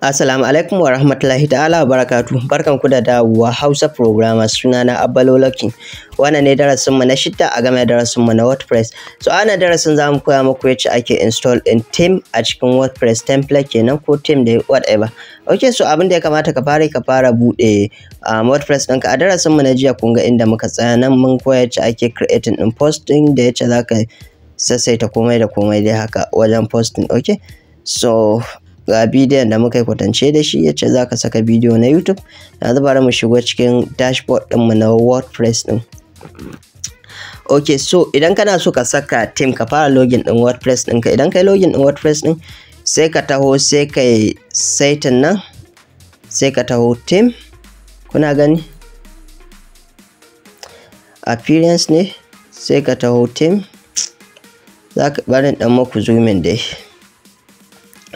Assalamu alaikum wa rahmatullahi ta'ala wa barakatu. Barkan ku da dawowa Hausa Programa sunana Abbalo Lucky. Wannan ne darasin mu na shidda a game da darasin mu na WordPress. So ana darasin zamu koya muku yacce ake install in theme a cikin WordPress template kenan ko theme da whatever. Okay so abin da ya kamata ka fara ka fara bude um, WordPress ɗinka a darasin mu na jiya kun ga inda muka tsaya nan mun koya yacce ake creating din posting da yacce zaka sassaita komai da komai dai haka wajen posting okay. So ga bidiyon da muka yi kwatance da shi yace za ka saka bidiyo na youtube yanzu bari mu shigo cikin dashboard ɗinmu na wordpress ɗin ok so idan kana so ka saka team ka fara login ɗin wordpress ɗinka idan ka yi login ɗin wordpress ɗin sai ka taho sai ka yi saitin nan sai ka taho team kuna gani appearance ne sai ka taho team za ka barin ɗan maku zoomin dai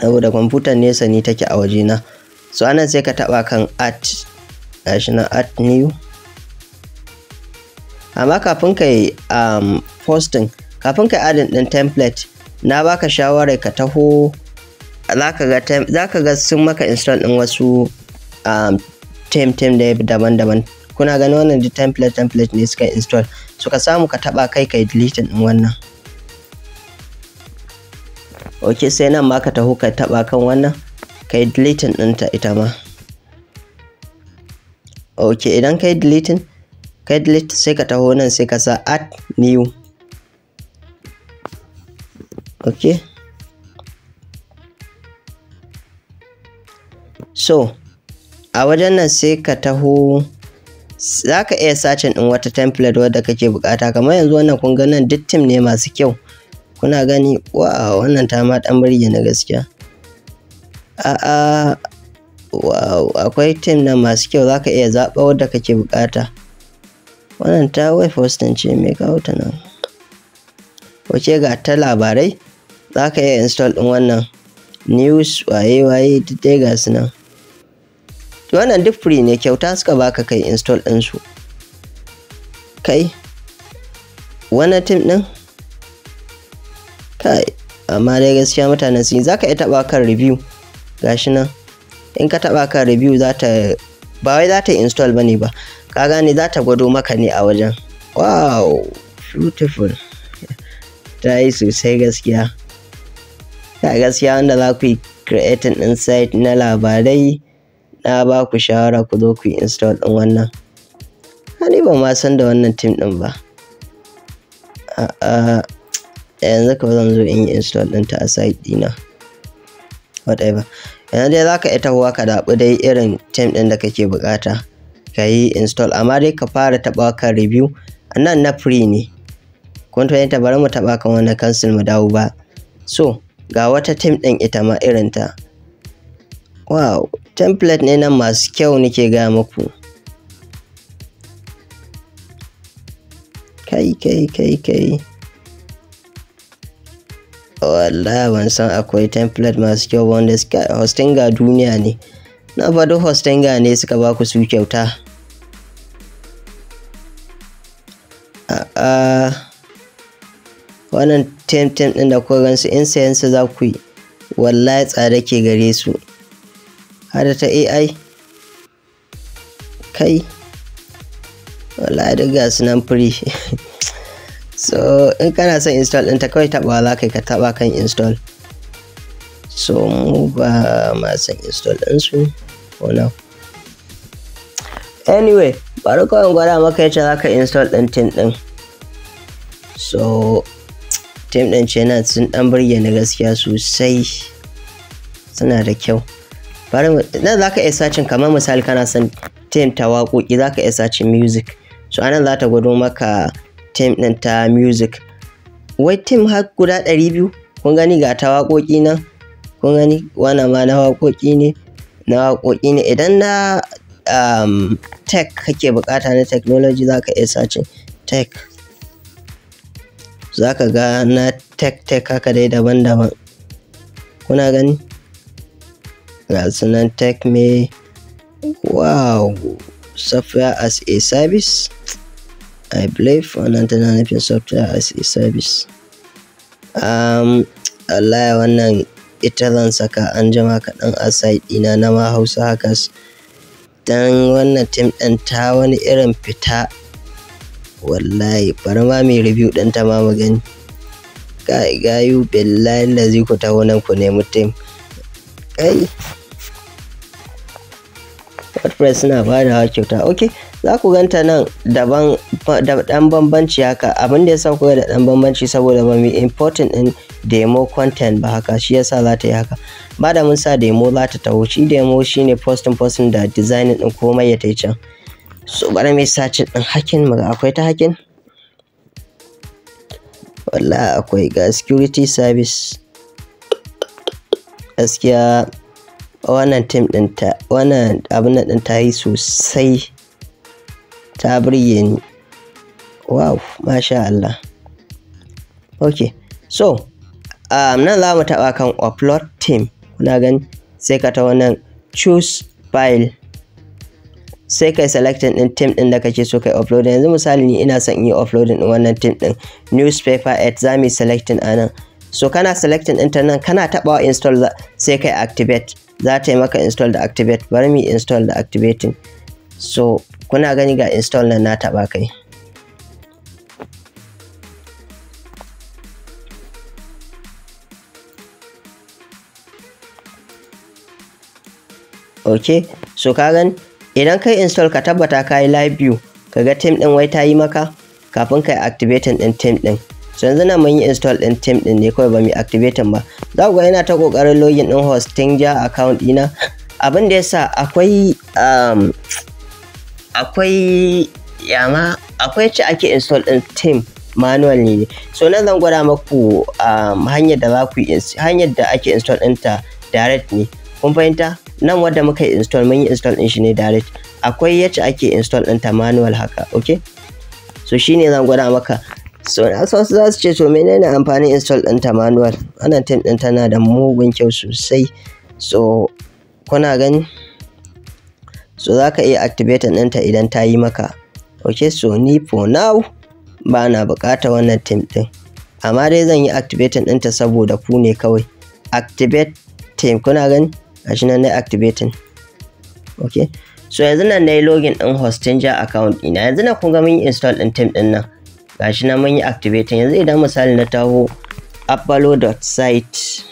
saboda kwamfutar nesa ni take a wajena so anan sai ka taba kan at gashi at new amma kafin ka yi um, posting kafin ka adin din template na baka shawarar ka taho za ka ga sun maka install din wasu um, tem tem da daban-daban kuna ganin wannan template template ne suka install so ka samu ka taba kai ka yi deleting din wannan ok sai nan ma ka taho ka taba kan wannan ka yi deleting ɗinta ita ma ok idan ka yi deleting ka yi delete sai ka taho nan sai ka sa add new ok so a wajen nan sai ka taho za ka iya sacin ɗin wata template wadda kake bukata kamar yanzu wannan kun nan duk team ne masu kyau kuna gani wow wannan ta ma dan birge na gaskiya a'a wow akwai tim na masu kyau zaka iya zaɓa wadda kake buƙata wannan ta wai hosting ce mai kawo ta nan wace ga ta labarai zaka iya install din wannan news waye waye duk dai ga su nan wannan duk free ne kyauta suka baka kai install su kai wani tim din? kai amma dai gaskiya mutanen sun za ka iya taɓa kan review gashi nan in ka taɓa kan review za ta ba wai za ta install ba ba ka gane za ta gwado maka ne a wajen wow beautiful ta yi sosai gaskiya ta gaskiya wanda za ku yi creating insight na labarai na ba ku shawara ku zo ku yi install ɗin wannan Hali ba ma san da wannan team ɗin ba a'a yanzu ka zan zo in yi install ɗinta a site dina whatever yanzu dai zaka ita huwa ka zaɓi dai irin tem ɗin da kake buƙata ka yi install amma dai ka fara taɓa kan review a nan na free ne kun yanta bari mu taɓa kan wannan cancel mu dawo ba so ga wata team ɗin ita ma irinta wow template ne nan masu kyau nake gaya muku kai kai kai kai wallahi ban san akwai template masu kyau wanda suka hostinga duniya ne na faɗi hostinga ne suka baku su kyauta a wannan temtem ɗin da kuka gansu in su za ku yi wallahi tsada ke gare su hada ta ai kai wallahi duk gasu nan free so in kana son install ɗinta kawai taɓawa za ka yi ka taɓa kan install so mu ba ma son install ɗinsu for now anyway bari kawai gwada maka yace za ka install ɗin tin ɗin so tim ɗin ce na sun ɗan birge ni gaskiya sosai suna da kyau bari na za ka iya sacin kamar misali kana son tim ta waƙoƙi za ka iya sacin music so anan za ta gwado maka tim ɗin ta music wai tim har guda ɗari biyu kun gani ga ta waƙoƙi nan kun gani wana ma na waƙoƙi ne na waƙoƙi ne idan na um, tech kake buƙata na technology za iya sace tech zaka ka ga na tech tech haka dai daban-daban kuna gani ga sunan tech me wow software as a service I believe wannan tana nufin software as a service. Um, lie wannan ita zan saka an Jamaica kaɗan a site ɗina na hour Hausa Hackers. Dan wannan tim ɗin ta wani irin fita wallahi I'm ma me review ɗin ta ma magani. Kai gayu billahi lazi ku taho nan ku nemi WordPress suna ba da kyauta. Okay. za ku ganta nan daban da ɗan bambanci haka abin da ya sa ku da ɗan bambanci saboda ba mu important din demo content ba haka shi yasa za ta yi haka ba da mun sa demo za ta taho shi demo shine posting posting da designing din komai ya yi can so bari mai sace din hakin mu akwai ta hakin Wala akwai ga security service gaskiya wannan team din ta wannan abin din ta yi sosai ta birge ni wow masha Allah ok so um, nan za mu taɓa kan upload team kuna gani sai ka ta wannan choose file sai kai selectin din team din da kake so kai upload yanzu misali ni ina son yi uploading din wannan team din newspaper at zami selecting anan so kana selecting din ta nan kana tabawa install sai kai activate za ta yi maka install da activate bari mu install da activating so kuna gani ga install na na taɓa kai ok so ka gani idan kai install ka tabbata ka yi live view ka ga team din wai ta yi maka kafin ka yi activating din team din so yanzu na mun yi install din team din ne kawai ba mu activating ba za ku ga yana ta kokarin login din hosting ja account dina abin da yasa akwai um, akwai yama akwai ci ake install ɗin team manual ne so nan zan gwada maku um, hanyar da za ku hanyar da ake install ɗinta direct ne kun fahimta nan wadda muka yi install mun yi install ɗin shi ne direct akwai yacce ake install ɗinta manual haka ok so shine zan gwada maka so na so za su ce to menene amfanin install ɗinta manual wannan team ɗin tana da mugun kyau sosai so kuna gani so za ka iya activating ɗinta idan ta yi maka ok so ni for now ba na buƙatar wannan team ɗin amma dai zan yi activating ɗinta saboda ku ne kawai activate team kuna gani gashi nan na activating ok so yanzu nan na yi login ɗin hostinger account ɗina yanzu nan kun ga mun yi install ɗin team ɗin nan gashi nan mun yi activating yanzu idan misali na taho appalo.site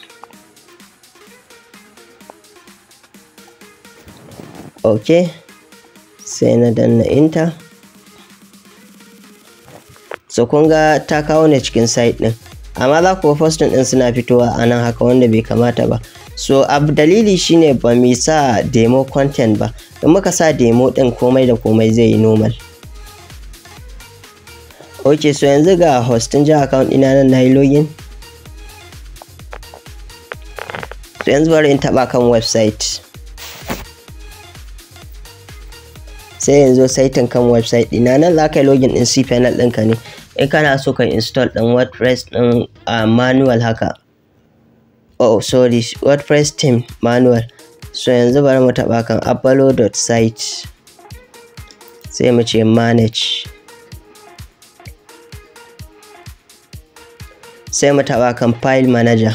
ok sai na danna inta so kun ga ta kawo ne cikin site din amma za ku first din suna fitowa a nan haka wanda bai kamata ba so abu dalili shine ba mu sa demo content ba in muka sa demo din komai da komai zai yi normal ok so yanzu ga hosting ja account ina nan na yi login so yanzu bari in taɓa kan website sai yanzu saitin kan website ɗina nan za ka yi login ɗin cpanel ɗinka ne in kana so ka install ɗin wordpress ɗin a manual haka oh sorry wordpress team manual so yanzu bari mu taɓa kan apollo.site sai mu ce manage sai mu taɓa kan file manager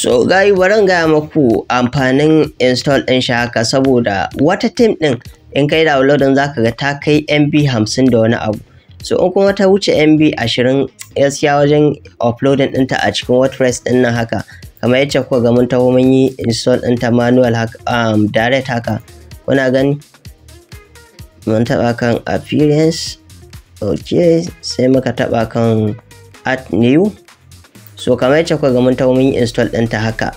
so gayi barin gaya maku amfanin install ɗin shi haka saboda wata team ɗin in kai downloadin zaka ga ta kai mb 50 da wani abu so in kuma ta wuce mb 20 gaskiya wajen uploading ɗinta a cikin wordpress ɗin nan haka kamar yace kuka ga mun taho mun yi install ɗinta manual haka um, direct haka kuna gani mun taɓa kan appearance ok sai muka taɓa kan add new so kamar yacce kuka ga mun taho mun yi install ɗinta haka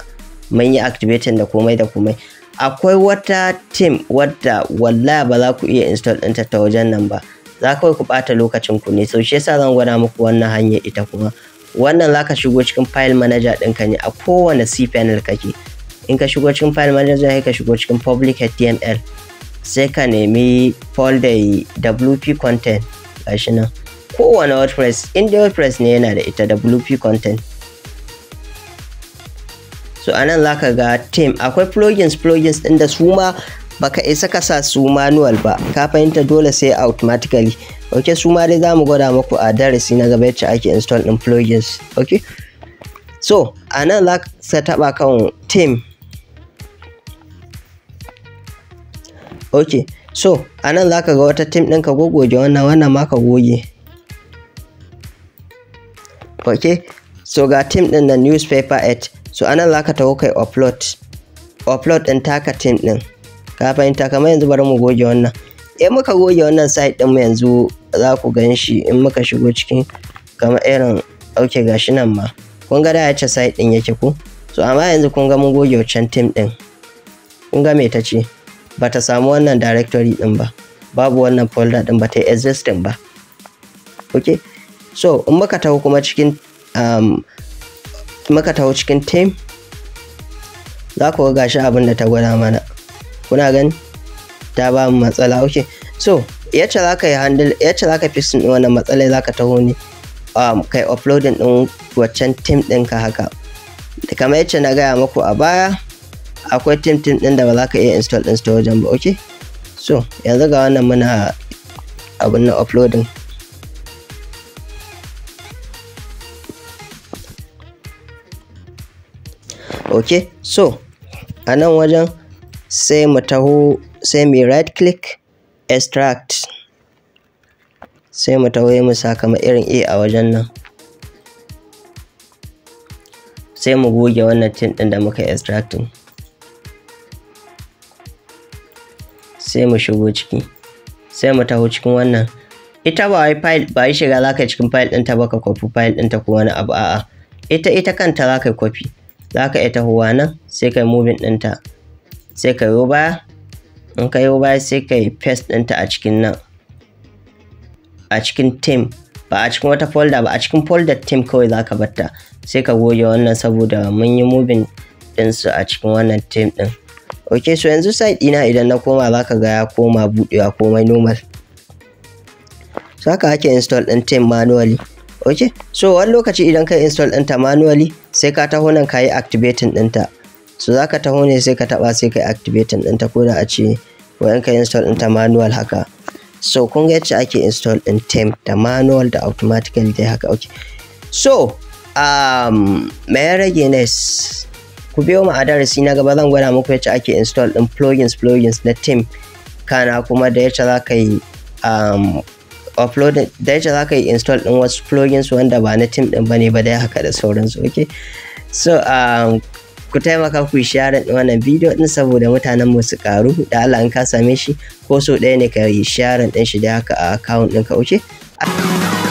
mun yi activating da komai da komai akwai wata team wadda wallahi ba za ku iya install ɗinta ta wajen nan ba za kawai ku ɓata lokacin ku ne so shi yasa zan gwada muku wannan hanyar ita kuma wannan za ka shigo cikin file manager ɗinka ne a kowane cpanel kake in ka shigo cikin file manager sai ka shigo cikin public html sai ka nemi folder wp content gashi nan kowane wordpress in wordpress ne yana da ita wp content so anan zaka ga team akwai plugins plugins din da su ma baka isa ka sa su manual ba ka fahimta dole sai automatically ok su ma dai zamu gwada muku a darasi na gaba yacce ake install din plugins ok so anan za ka taba kan team ok so anan za ka ga wata team ɗin ka gogoge wannan wannan ma ka goge ok so ga team ɗin na newspaper 8 so anan za ka tawo kai upload upload ɗin taka team ɗin ka fahimta kamar yanzu bari mu goge wannan in muka goge wannan site ɗin mu yanzu za ku gan shi in muka shigo cikin kamar irin ɗauke gashi nan ma kun ga da ya ce site ɗin yake ku so amma yanzu kun ga mun goge wancan team ɗin kun ga me ta ce ba ta samu wannan directory ɗin ba babu wannan folder ɗin ba ta yi existing ba ok so in muka tawo kuma cikin um, muka taho cikin tem za ku ga shi abin da ta gwada mana kuna gani ta ba mu matsala ok so yace za ka handle yace za ka fi sun wannan matsala za ka taho ne um, kai uploading din waccan tim ɗinka haka kamar yace na gaya muku a baya akwai tim tim ɗin da ba za ka iya install ɗin wajen ba ok so yanzu ga wannan muna abin na uploading ok so a nan wajen sai mu taho sai mu right click extract sai mu taho mu sakama irin a a wajen nan sai mu goge wannan tin din da muka extracting sai mu shigo ciki sai mu taho cikin wannan ita ba wai file ba yi shiga za cikin file ɗinta ba ka copy file ɗinta ko wani abu a'a ita ita kanta za copy kwafi za ka iya tahowa nan sai ka yi moving ɗinta sai ka yi baya in ka yi sai ka yi paste ɗinta a cikin nan a cikin team ba a cikin wata folder ba a cikin folder team kawai za ka batta sai ka goge wannan saboda mun yi moving ɗinsu a cikin wannan team ɗin ok so yanzu site ɗina idan na koma zaka ka ga ya koma buɗewa komai normal so haka ake install ɗin team manually ok so wani lokaci idan ka install ɗinta manually sai ka taho nan ka yi activating ɗinta so za ka taho ne sai ka taɓa sai ka yi activating ɗinta ko da a ce wayan ka install ɗinta manual haka so kun ga yadda ake install ɗin temp da manual da automatically dai haka ok so um, me ya rage next ku biyo mu a darasi na gaba zan gwada muku yacce ake install ɗin plugins plugins na temp kana kuma da yadda za ka yi um, uploaded da za ka yi install ɗin wasu plugins wanda ba na team ɗin bane ne ba dai haka da sauransu okay so um, ku taimaka ku share wannan bidiyo din saboda mutanen mu su karu da Allah in ka same shi ko so ɗaya ne ka yi share din shi da haka a account ɗinka okay